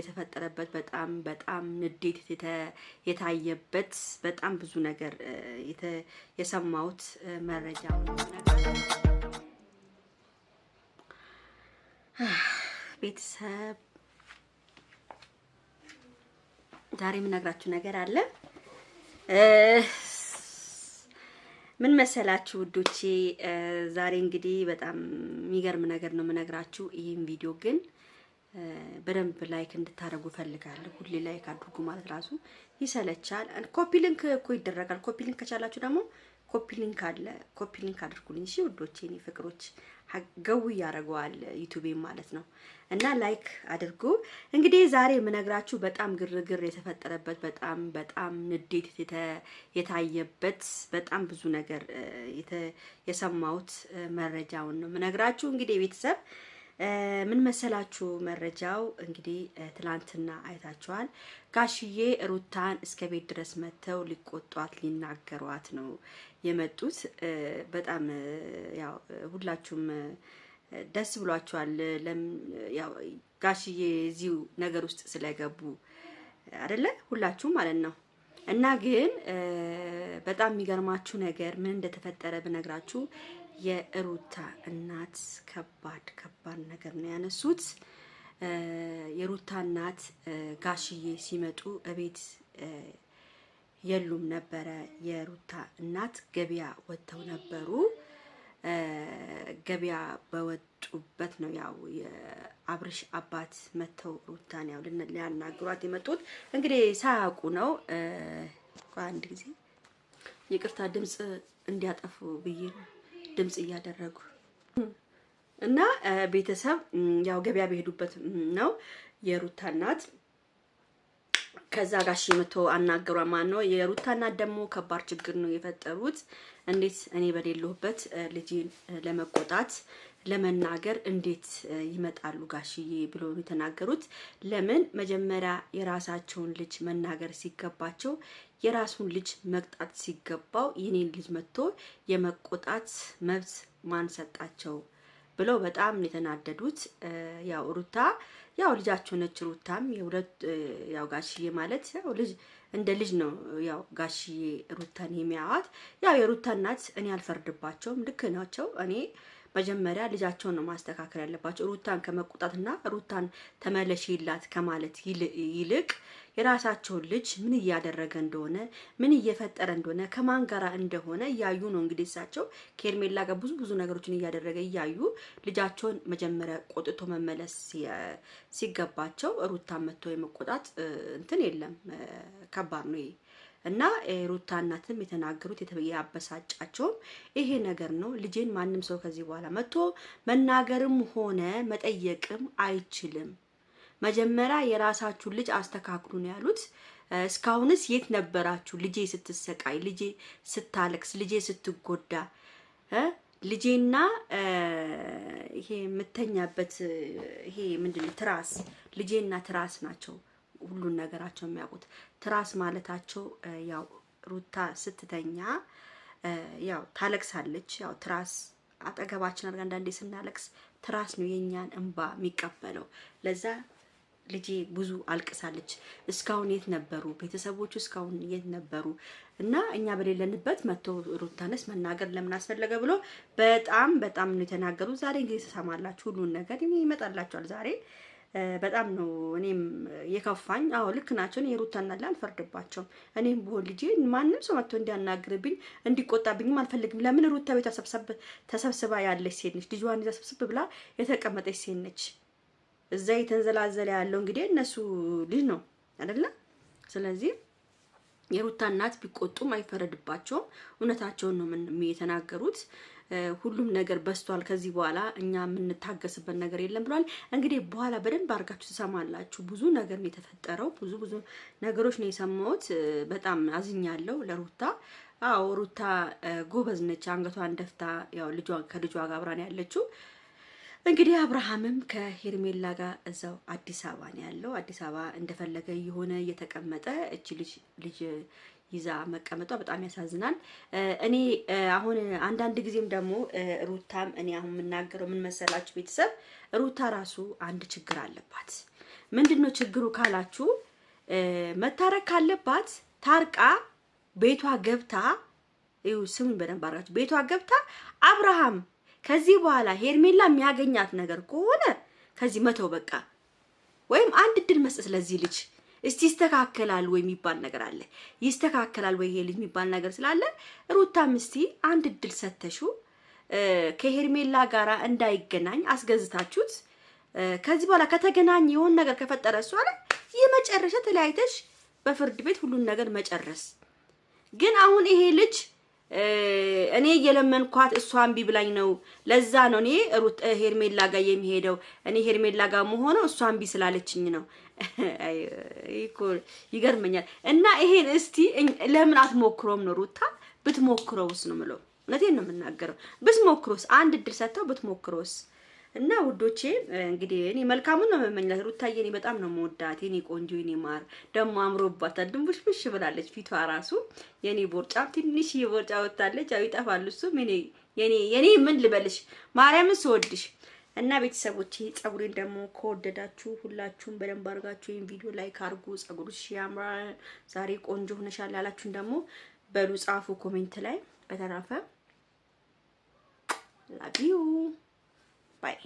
የተፈጠረበት በጣም በጣም ንዴት የታየበት በጣም ብዙ ነገር የሰማሁት መረጃ ቤተሰብ ዛሬ የምነግራችሁ ነገር አለ። ምን መሰላችሁ ውዶቼ፣ ዛሬ እንግዲህ በጣም የሚገርም ነገር ነው የምነግራችሁ። ይህም ቪዲዮ ግን በደንብ ላይክ እንድታደርጉ ፈልጋለሁ። ሁሌ ላይክ አድርጉ ማለት ራሱ ይሰለቻል። ኮፒ ሊንክ እኮ ይደረጋል። ኮፒ ሊንክ ከቻላችሁ ደግሞ ኮፒ ሊንክ አለ። ኮፒ ሊንክ አድርጉልኝ እሺ ውዶቼ፣ እኔ ፍቅሮች ገው ያደርገዋል ዩቲዩብ ማለት ነው። እና ላይክ አድርጉ። እንግዲህ ዛሬ የምነግራችሁ በጣም ግርግር የተፈጠረበት በጣም በጣም ንዴት የታየበት በጣም ብዙ ነገር የሰማሁት መረጃውን ነው የምነግራችሁ እንግዲህ ቤተሰብ ምን መሰላችሁ መረጃው እንግዲህ ትላንትና አይታችኋል። ጋሽዬ ሩታን እስከ ቤት ድረስ መጥተው ሊቆጧት ሊናገሯት ነው የመጡት። በጣም ያው ሁላችሁም ደስ ብሏችኋል። ያው ጋሽዬ እዚሁ ነገር ውስጥ ስለገቡ አደለ ሁላችሁም ማለት ነው። እና ግን በጣም የሚገርማችሁ ነገር ምን እንደተፈጠረ ብነግራችሁ የሩታ እናት ከባድ ከባድ ነገር ነው ያነሱት። የሩታ እናት ጋሽዬ ሲመጡ እቤት የሉም ነበረ። የሩታ እናት ገበያ ወጥተው ነበሩ። ገበያ በወጡበት ነው ያው የአብርሽ አባት መጥተው ሩታን ያው ሊያናግሯት የመጡት እንግዲህ ሳያውቁ ነው። አንድ ጊዜ ይቅርታ ድምፅ እንዲያጠፉ ብዬ ነው። ድምጽ እያደረጉ እና ቤተሰብ ያው ገበያ በሄዱበት ነው የሩታ እናት ከዛ ጋሽ ሽምቶ አናገሯ ማን ነው የሩታ እናት ደግሞ ከባድ ችግር ነው የፈጠሩት። እንዴት እኔ በሌለሁበት ልጅ ለመቆጣት ለመናገር እንዴት ይመጣሉ ጋሽዬ ብሎ የተናገሩት። ለምን መጀመሪያ የራሳቸውን ልጅ መናገር ሲገባቸው የራሱን ልጅ መቅጣት ሲገባው የኔን ልጅ መጥቶ የመቆጣት መብት ማን ሰጣቸው ብለው በጣም የተናደዱት። ያው ሩታ ያው ልጃቸው ነች። ሩታም የሁለት ያው ጋሽዬ ማለት ያው ልጅ እንደ ልጅ ነው ያው ጋሽዬ ሩታን የሚያዋት ያው የሩታ እናት እኔ አልፈርድባቸውም፣ ልክ ናቸው እኔ መጀመሪያ ልጃቸውን ነው ማስተካከል ያለባቸው። ሩታን ከመቆጣትና ሩታን ተመለሽ ይላት ከማለት ይልቅ የራሳቸውን ልጅ ምን እያደረገ እንደሆነ ምን እየፈጠረ እንደሆነ ከማን ጋር እንደሆነ እያዩ ነው እንግዲህ እሳቸው ከኤርሜላ ጋር ብዙ ብዙ ነገሮችን እያደረገ እያዩ ልጃቸውን መጀመሪያ ቆጥቶ መመለስ ሲገባቸው ሩታን መጥቶ የመቆጣት እንትን የለም። ከባድ ነው። እና ሩታ እናትም የተናገሩት ያበሳጫቸውም ይሄ ነገር ነው። ልጄን ማንም ሰው ከዚህ በኋላ መጥቶ መናገርም ሆነ መጠየቅም አይችልም። መጀመሪያ የራሳችሁን ልጅ አስተካክሉ ነው ያሉት። እስካሁንስ የት ነበራችሁ? ልጄ ስትሰቃይ፣ ልጄ ስታለቅስ፣ ልጄ ስትጎዳ ልጄና ይሄ የምተኛበት ይሄ ምንድን ትራስ ልጄና ትራስ ናቸው። ሁሉን ነገራቸው የሚያውቁት። ትራስ ማለታቸው ያው ሩታ ስትተኛ ያው ታለቅሳለች። ያው ትራስ አጠገባችን አድርጋ አንዳንዴ ስናለቅስ ትራስ ነው የእኛን እንባ የሚቀበለው። ለዛ ልጄ ብዙ አልቅሳለች። እስካሁን የት ነበሩ ቤተሰቦቹ? እስካሁን የት ነበሩ? እና እኛ በሌለንበት መጥቶ ሩታንስ መናገር ለምን አስፈለገ ብሎ በጣም በጣም ነው የተናገሩ። ዛሬ እንግዲህ ትሰማላችሁ፣ ሁሉን ነገር ይመጣላችኋል ዛሬ በጣም ነው እኔም የከፋኝ። አዎ ልክ ናቸው። እኔ ሩታና ላይ አልፈርድባቸውም። እኔም ብሆን ልጄ ማንም ሰው መጥቶ እንዲያናግርብኝ እንዲቆጣብኝም አልፈልግም። ለምን ሩታ ቤቷ ተሰብስባ ያለች ሴት ነች። ልጇን ይዛ ሰብስብ ብላ የተቀመጠች ሴት ነች። እዛ የተንዘላዘለ ያለው እንግዲህ እነሱ ልጅ ነው አይደለም ስለዚህ የሩታ እናት ቢቆጡም አይፈረድባቸውም። እውነታቸውን ነው የተናገሩት። ሁሉም ነገር በስቷል። ከዚህ በኋላ እኛ የምንታገስበት ነገር የለም ብሏል። እንግዲህ በኋላ በደንብ አድርጋችሁ ትሰማላችሁ። ብዙ ነገር ነው የተፈጠረው። ብዙ ብዙ ነገሮች ነው የሰማሁት። በጣም አዝኛለሁ ለሩታ። አዎ ሩታ ጎበዝ ነች። አንገቷን ደፍታ ያው ከልጇ ጋር አብራ ነው ያለችው። እንግዲህ አብርሃምም ከሄርሜላ ጋር እዛው አዲስ አበባ ነው ያለው። አዲስ አበባ እንደፈለገ የሆነ እየተቀመጠ እች ልጅ ልጅ ይዛ መቀመጧ በጣም ያሳዝናል። እኔ አሁን አንዳንድ ጊዜም ደግሞ ሩታም እኔ አሁን የምናገረው ምን መሰላችሁ ቤተሰብ ሩታ ራሱ አንድ ችግር አለባት። ምንድን ነው ችግሩ ካላችሁ መታረቅ ካለባት ታርቃ ቤቷ ገብታ ስሙን በደንብ አድርጋችሁ ቤቷ ገብታ አብርሃም ከዚህ በኋላ ሄርሜላ የሚያገኛት ነገር ከሆነ ከዚህ መተው በቃ ወይም አንድ እድል መስጠት ለዚህ ልጅ እስቲ ይስተካከላል ወይ የሚባል ነገር አለ። ይስተካከላል ወይ ይሄ ልጅ የሚባል ነገር ስላለ ሩታም እስቲ አንድ እድል ሰተሹ ከሄርሜላ ጋራ እንዳይገናኝ አስገዝታችሁት ከዚህ በኋላ ከተገናኘ የሆን ነገር ከፈጠረ እሷ የመጨረሻ ተለያይተሽ በፍርድ ቤት ሁሉን ነገር መጨረስ ግን አሁን ይሄ ልጅ እኔ እየለመንኳት እሷ እምቢ ብላኝ ነው። ለዛ ነው እኔ ሩት ሄርሜላ ጋር የሚሄደው። እኔ ሄርሜላ ጋር መሆነው እሷ እምቢ ስላለችኝ ነው። ይገርመኛል። እና ይሄን እስቲ ለምን አትሞክሮም ነው ሩታ? ብትሞክረውስ ነው ምለው። እውነቴን ነው የምናገረው። ብትሞክሮስ አንድ እድል ሰጥተው ብትሞክሮስ እና ውዶቼ እንግዲህ እኔ መልካሙን ነው የምመኝላት። ሩታዬ እኔ በጣም ነው የምወዳት የኔ ቆንጆ የኔ ማር ደግሞ አምሮባታል። ድንቡሽብሽ ብላለች ፊቷ ራሱ የኔ ቦርጫ ትንሽ የቦርጫ ወጣለች። ያው ይጠፋል እሱም የኔ የኔ ምን ልበልሽ ማርያምን ስወድሽ እና ቤተሰቦቼ ጸጉሬን ደግሞ ከወደዳችሁ ሁላችሁም በደንብ አድርጋችሁ ይህን ቪዲዮ ላይክ አድርጉ። ጸጉርሽ ያምራል፣ ዛሬ ቆንጆ ሆነሻል ያላችሁን ደግሞ በሉ ጻፉ ኮሜንት ላይ። በተረፈ ላቪዩ Bye.